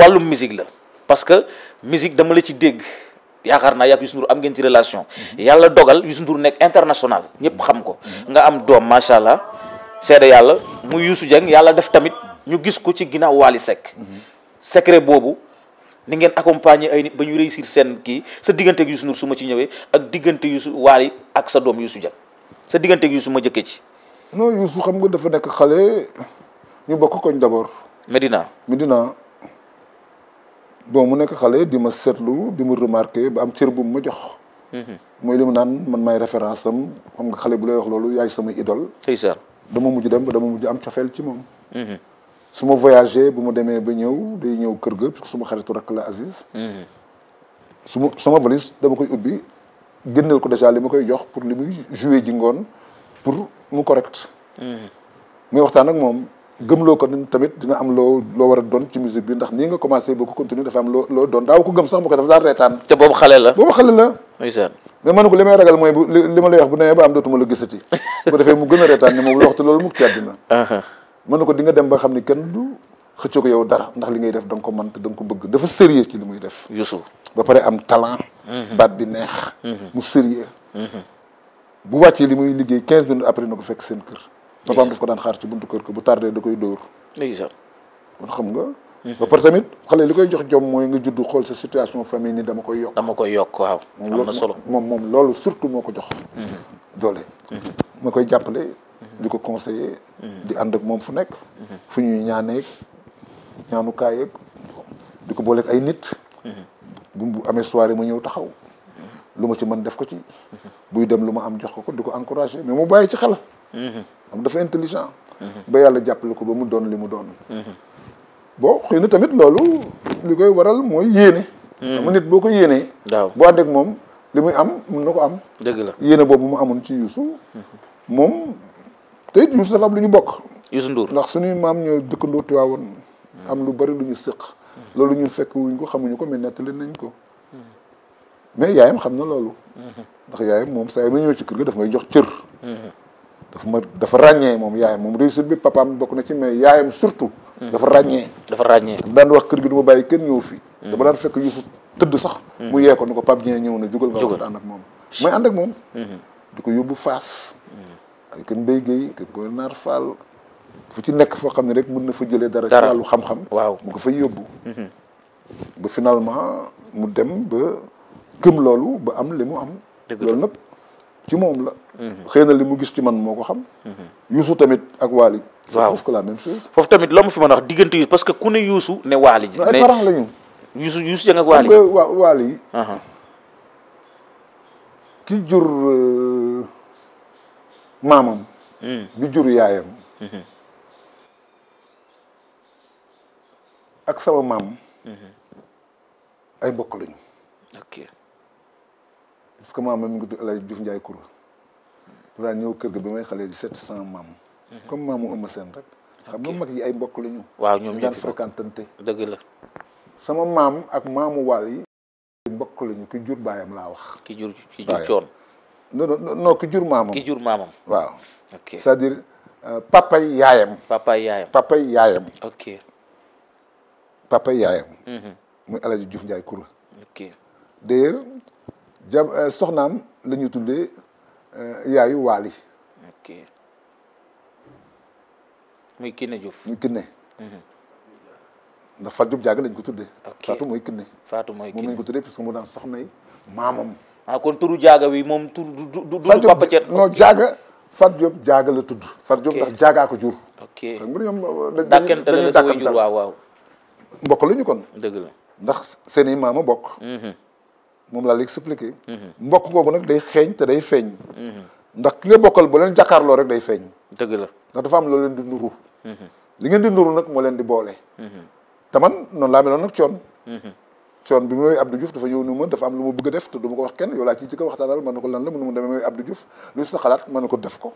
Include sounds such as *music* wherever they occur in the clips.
wàllum musique la parce que musique dama la ci dégg yaakaar naa yàgg Youssou Ndour am ngeen ci relation mhm. yàlla dogal Youssou Ndour nekk international ñëpp xam ko mhm. nga am doom macha allah seede yàlla mu Youssou Dieng yàlla def tamit ñu gis ko ci ginnaaw Wally Seck mhm. secret boobu ni ngeen accompagner ay nit ba ñu réussir seen kii sa diggante ak Youssou Ndour su ma ci ñëwee ak diggante Youssou Wally ak sa doom Youssou Dieng sa diggante ak Youssou ma jëkkee ci non Youssou xam nga dafa nekk xale ñu bokk koñ d'abord bon mu nekk xale di ma seetlu di ma remarqué ba am cër bu ma jox. mooy mhm. li mu naan man maay référence am xam xale bu lay wax loolu yaay sama idole. ndeysaan dama mujj dem ba dama mujj am cofeel ci moom. Mhm. su ma voyagé bu ma demee ba ñëw day ñëw kër ga parce su ma xaritu rakk la Aziz. Mhm. su ma sama valise dama koy ubbi génneel ko déjà li ma koy jox pour li muy joué ji ngoon pour mu correct. muy waxtaan ak moom. gëmloo ko ni tamit dina am loo loo war a doon ci musique bi ndax nii nga commencé boo ko continuer dafa am loo loo doon daaw ko gëm sax mu ko dafa reetaan te boobu xale la ma lay wax bu nee ba am dootuma la gisati bu ko mu gën a reetaan ni moom la waxtu loolu mukk ci àddina uh-huh. man ko di nga dem ba xam ni kenn du xëccoo ko yow dara ndax li ngay def da nga ko mën te da nga ko bëgg dafa sérieux ci li muy def Youssou ba pare am talent mm-hmm. baat bi neex mm-hmm. mu sérieux mm-hmm. bu wàccee li muy liggéey quinze minutes après na ko fekk seen kër papaam daf ko daan xaar ci kër ko bu tardé da koy dóor ndeysaan xam nga mhm. ba pare tamit xale li koy jox jom mooy nga juddu xool sa situation famille dama koy yokk dama koy yokk waaw am na solo moom moom loolu surtout moo ko jox mhm. doole mhm. ma koy jàppale di ko conseiller di ànd ak moom fu nekk fu ñuy ñaaneeg ñaanukaay yeeg di ko booleeg ay nit bu mu amee soirée ma ñëw taxaw lu ma ci man def ko ci buy dem lu ma am jox ko ko di ko encourager mais mu bàyyi ci xel am dafa intelligent ba yàlla jàppale ko ba mu doon li mu doon boo xëy na tamit loolu li koy waral mooy yéene dama nit boo ko yéenee waaw boo moom li muy am mun na ko am dëgg la yéene boobu mu amoon ci Youssou moom te it Youssou dafa am lu ñu bokk Youssou Ndour ndax suñuy maam ñoo dëkkandoo Tiwaawoon am lu bari lu ñu sëq loolu ñun fekk wuñ ko xamuñu ko mais nettali nañ ko mais yaayam xam na loolu ndax yaayam moom saa yi ma ci kër gi daf may jox cër dafa ma dafa ràññee moom yaayam moom réussite bi papaam bokk na ci mais yaayam surtout. Hmm. dafa ràññee. dafa ràññee daan wax kër gi du ma bàyyi kenn ñëw fi. Hmm. dama daan fekk yuufu tëdd sax. Hmm. mu yee ko ni ko Pape Dieng ñëw na jugal nga wax ànd ak moom. may ànd ak moom. di ko yóbbu Faas. ay kër Mbaye Guèye kër Boy Naar Fall. fu ci nekk foo xam ne rek mën na fa jëlee dara. ci wàllu xam-xam. waaw mu ko fay yóbbu. ba finalement mu dem ba gëm loolu ba am li mu am. loolu nag ci moom la. xëy na li mu gis ci man moo ko xam. Youssou tamit ak Waly. waaw parce que foofu tamit la mu fi mën a wax diggante yi parce que ku ne Youssou ne Waly. ne ay parents la ñu. Youssou Youssou Dieng ak Waly. xam nga Waly. Uh-huh. ki jur euh, maamam. Hmm. bi jur yaayam. Uh-huh. ak sama maam. Uh-huh. ay mbokk lañu. parce que maam mi ngi tudd El Hadj Diouf Ndiaye Kour. mu ñëw kër ga bi may xale di sept cent maam. Mhm. comme maamu ëmb seen rek. xam nga mag yi ay mbokk la ñu. waaw ñoom ñoo daan fréquentante. dëgg la. sama maam ak maamu waal yi. mbokk lañu ki jur baayam laa wax. ki jur ki jur coon. non non non ki jur maamam. ki jur maamam. waaw. ok cest dire euh, papay yaayam. papay yaayam papay yaayam. papay yaayam. Mhm. muy El Hadj Diouf Ndiaye Kour. ja euh, soxnaam la ñuy tuddee euh, yaayu waali. ok muy Kiné Diouf. muy Kiné. Mhm. ndax Fatou Diop Diaga lañ ko tuddee. ok Fatou mooy Kiné. Fatou mooy Kiné moom ko tuddee parce que mu daan soxnay maamam. ah kon turu Diaga wi moom turu du du du Papa Thiet. non Diaga Fatou Diop Diaga la tudd. Fatou Diop ndax Diaga ko jur. ok xam nga ñoom euh, dañuy dañuy waaw mbokk lañu ñu kon. dëgg la ndax seeni i maama bokk. Mhm. moom laa la expliqué. Mhm. mbokk googu nag day xeeñ te day feeñ. Mhm. ndax ki nga bokkal bu leen jàkkaarloo rek day feeñ. dëgg la ndax dafa am loo leen di nuru. Mhm. li ngeen di nuru nag moo leen di boole. te man noonu laa meloon nag coon. coon bi mooy Abdou Diouf dafa ñëw ni ma dafa am lu ma bëgg a def te du ma ko wax kenn yow laa ciy jëkk a waxtaanal man na ko lan la mu ne ma damay Abdou Diouf lu sa xalaat man na ko def ko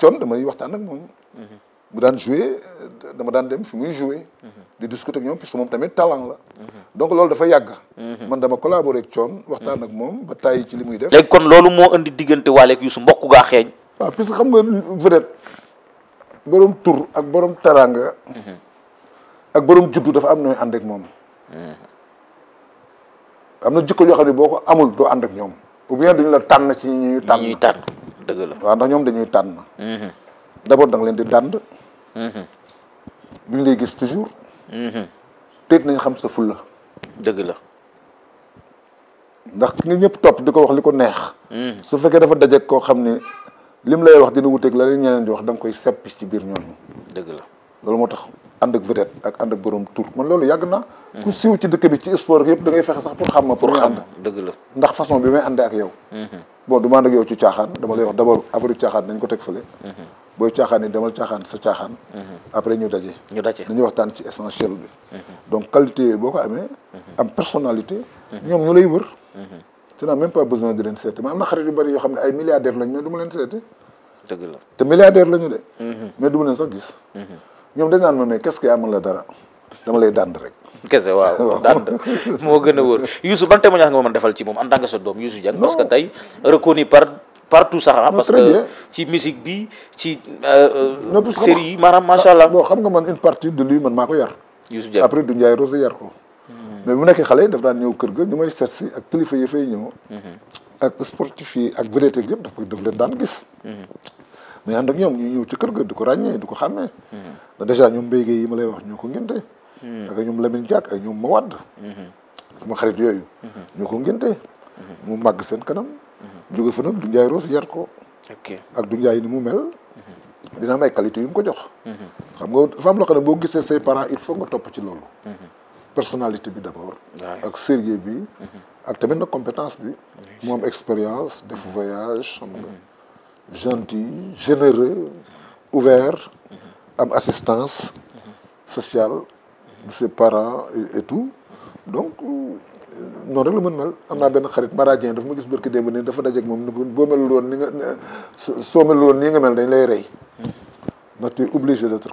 coon damay waxtaan ak moom. bu daan jouer dama daan dem fi muy jouer di discuter ak ñoom puisque moom tamit talent la donc loolu dafa yàgg man dama collaborer ak waxtaan ak moom ba tàyyi ci li muy def léegi kon loolu moo indi diggante Wally ak Youssou mbokk gaa xeeñ xam nga vedette borom tur ak borom teraanga ak borom juddu dafa am nooy ànd moom am na jikko yoo xam ne boo ko amul doo ñoom ou bien dañu la tànn ci ñi ñuy tànn ñuy tànn ndax ñoom dañuy tànn mhm. d'abord da nga leen di dànd Mm-hmm. bu ñu lay gis toujours. Mm-hmm. teet nañ xam sa la dëgg la. ndax ki nga ñëpp topp di ko wax li ko neex. Mm-hmm. su fekkee dafa dajeeg koo xam ne lim lay wax dina wuteeg la leen ñeneen di wax da koy seppi ci biir ñooñu. dëgg la loolu moo tax ànd ak vedette ak ànd ak borom tur man loolu yàgg na. ku siiw ci dëkk bi ci sport yëpp da ngay fexe sax pour xam ma pour nga ànd. dëgg la ndax façon bi may àndee ak yow. bon du ma ànd ak yow ci caaxaan dama lay wax d' abord affaire caaxaan nañ ko teg booy caaxaan ni demal caaxaan sa caaxaan. Mhm. après ñu daje. ñu daje dañuy waxtaan ci essentiel bi. Mhm. donc qualité boo ko amee. Mhm. am personnalité. ñoom ñu lay wër. tu n'as même pas besoin di leen seeti ma am na xarit yu bari yoo xam ne ay milliardaires lañ mais du ma leen seeti. la te milliardaires lañu de. mais du ma leen sax gis. ñoom dañ naan ma mais qu'est-ce que la dara dama lay dànd rek. kese *laughs* waaw dànd moo gën a wóor Youssou ban témoignage nga ma mën defal ci moom en tant partout sax ah. parce que ci musique bi ci. Euh, non parce que série yi maanaam macha allah. bon xam nga man une partie de lui man maa ko yar. après du Ndiaye Rose yar ko. Hmm. mais bu nekkee xale daf daan ñëw kër ga ñu may seet si ak kilifa yi fay ñëw. Hmm. ak sportif yi ak vedette yëpp daf ko daf leen daan gis. Hmm. mais ànd ak ñoom ñu ñëw ci kër ga du ko ràññee du ko xàmmee. dèjà ñoom mbéy yi ma lay wax ñoo ko ngénte. ak ñoom Lamine Diack ak ñoom Mawad. sama xarit yooyu. ñoo ko ngénte. mu màgg seen kanam. jóge fa nag du Ndiaye Rose yar ko. ak du Ndiaye ni mu mel. Mhm. dina am ay yu mu ko jox. Mhm. xam nga dafa am loo xam ne boo gisee say parents il faut nga topp ci loolu. Mhm. personnalité bi d' abord. ak sérieux bi. ak tamit nag compétence bi. mu am expérience def voyage. gentil généreux ouvert. am assistance. sociale de ses parents et tout donc noonu rek la mën mel am naa benn xarit maradien daf ma gis barki démb ni dafa dajeeg moom ni ko boo melul woon ni nga soo melul woon nii nga mel dañ lay rey hmm. ndax tu es obligé d'être la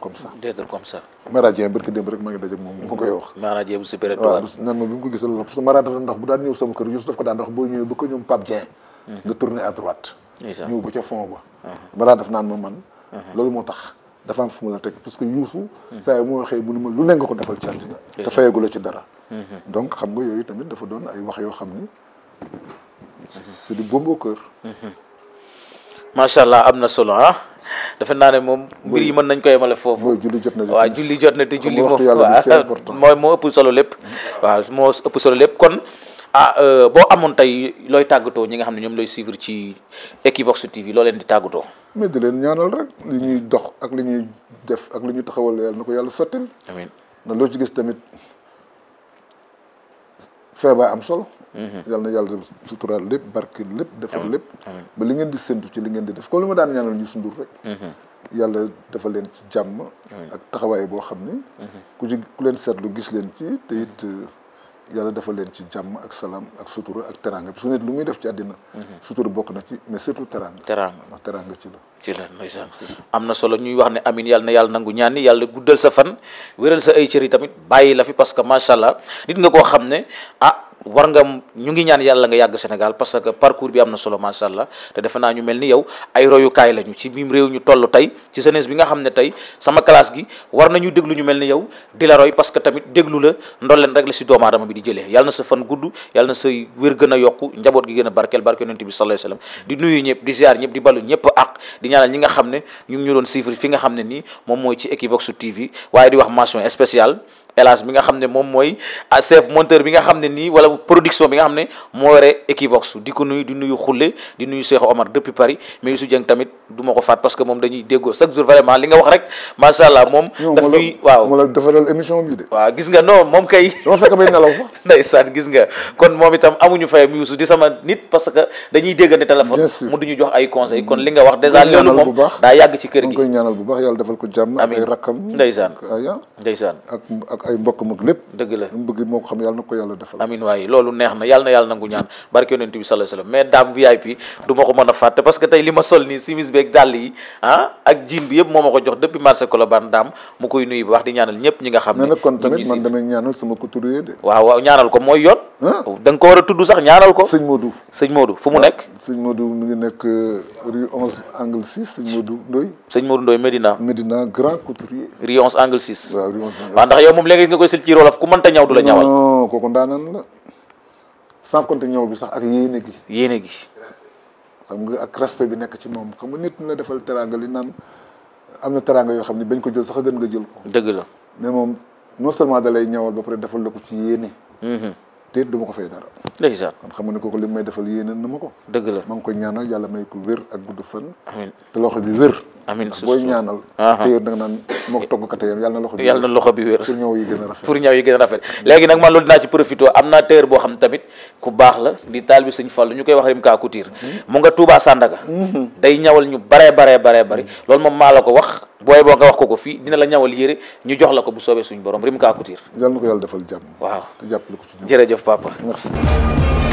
parce que mara dafa ndax bu daan ñëw sama kër Youssou daf ko daan wax boo hmm. hmm. naan ma man loolu moo tax dafa am fu mu la teg parce que saa yi moo waxee mu ne ma lu ne nga ko defal ci àddina te fayeegu la ci dara donc xam nga yooyu tamit dafa doon ay wax yoo xam ni c'est du baume au allah am na solo ah. defe naa ne moom mbir yi mën nañ ko yemale foofu. mooy julli jot na waaw julli jot na te julli moom ah, mooy moo ëpp solo lépp. waaw moo ëpp solo lépp kon a ah, euh, boo amoon tey looy tàggatoo ñi nga xam ne ñoom looy suivre ci Equivox TV loo leen di tàggatoo. mais ñaanal rek li ñuy dox ak li ñuy def ak li ñuy taxawal yàlla na ko yàlla sottil amiin feebar am solo. Mhm. yal na yàlla suturaal lépp barke lépp. defar lépp. ba li ngeen di séntu ci li ngeen di def comme li ma daan ñaanal ñu sundur rek. Mhm. yàlla dafa leen ci jàmm. ak taxawaay boo xam ni. Mhm. ku ci ku leen seetlu gis leen ci te it. yàlla defal leen ci jàmm ak salaam ak sutura ak teraanga su nit lu muy def ci àddina mhm. sutura bokk na ci mais surtout teraanga teraanga ci la am na solo ñuy wax ne amin yàlla na yàlla nangu ñaan ni yàlla guddal sa fan wéral sa ay cër yi tamit bàyyi la fi parce que macha allah nit nga koo xam ne ah war nga ñu ngi ñaan yàlla nga yàgg Sénégal parce que parcours bi am na solo macha allah te defe naa ñu mel ni yow ay royukaay lañu ci biim réew ñu toll tey ci jeunesse bi nga xam ne tey sama classe gi war nañu déglu ñu mel ni yow di la roy parce que tamit déglu la ndolleen rek la si doomaadama bi di jëlee yàlla na sa fan gudd yàlla na sa wér gën a yokk njaboot gi gën a barkeel barke yonent bi sallallahu alayhi wasallam di nuyu ñëpp di ziar ñëpp di balu ñëpp ak di ñaanal ñi nga xam ne ñu ngi ñu doon fi nga xam ne nii moom mooy ci Equivox TV waaye di wax mention Elas bi nga xam ne moom mooy ah, chef monteur bi nga xam ne nii wala production bi nga xam ne moo yore Equivox di ko nuyu di nuyu Xulle di nuyu Cheikh Omar depuis Paris mais Youssou du ma ko faat parce que moom dañuy déggoo chaque jour vraiment li nga wax rek macha allah moom. la gis nga non moom kay. dama fekk *laughs* gis nga kon moom itam amuñu fayam Youssou di sama nit parce que dañuy déggante téléphone. mu ñu jox ay conseils kon li nga wax dèjà. loolu moom daa yàgg ci kër gi baax yàlla defal ko jàmm. amiin ak ay rakkam ndeysaan ndeysaan ak ay mbokk mag lépp dëgg la mu bëgg moo ko xam yàlla na ko yàlla defal amin waaye loolu neex na yàlla na yàlla nangu ñaan barke yonent bi que tey li ma sol nii simis bi ak dàll yi ah ko jox depuis marché Colobane koy nuyu wax di ñaanal ñëpp ñi nga xam ne mais nag kon tamit man damay ñaanal sama couturier de waaw ñaanal ko mooy yoon Oh, da nga ko war a tudd sax ñaanal ko. sëñ Modou sëñ Modou fu mu nekk. sëñ Modou mu ngi nekk euh, rue 11 angle 6 sëñ Modou Ndoye. sëñ Modou Ndoye Medina. Medina grand couturier. rue 11 angle 6. waaw rue 11 angle 6 ndax yow moom léegi nga koy sël ci rolof ku mënta ñaw du la ñawal. non kooku ndaanan la sans compter ñaw sax ak yéene gi. yéene gi. xam nga ak respect bi nekk ci moom xam nga nit la defal teraanga li naan am na teraanga yoo xam ne bañ ko jël sax gën nga jël ko. dëgg la mais moom non seulement da lay ñawal ba pare defal la ko ci yéene. Mm-hmm. te it du ma ko fay dara. ndeysaan kon xam nga ne may defal yéeneen na ma ko. dëgg la maa koy ñaanal yàlla may ko wér ak gudd fan. te loxo bi wér. amiin ndax booy ñaanal téyéer da nga naan moo bi yàlla na loxo bi wér pour ñëw yi gën a rafet pour ñëw a rafet léegi nag man loolu dinaa ci profité am naa téyéer boo xam tamit ku baax la di taal bi sëñ Fallu ñu koy wax rim kaa couture mu nga Touba Sandaga mhm. day ñawal ñu baree bare bare bari loolu moom maa la ko wax booy boo nga wax ko ko fii dina la ñawal yére ñu jox la ko bu soobee suñu borom rim kaa couture yàlla na ko yàlla defal jàmm waaw te jàppale ko ci jërëjëf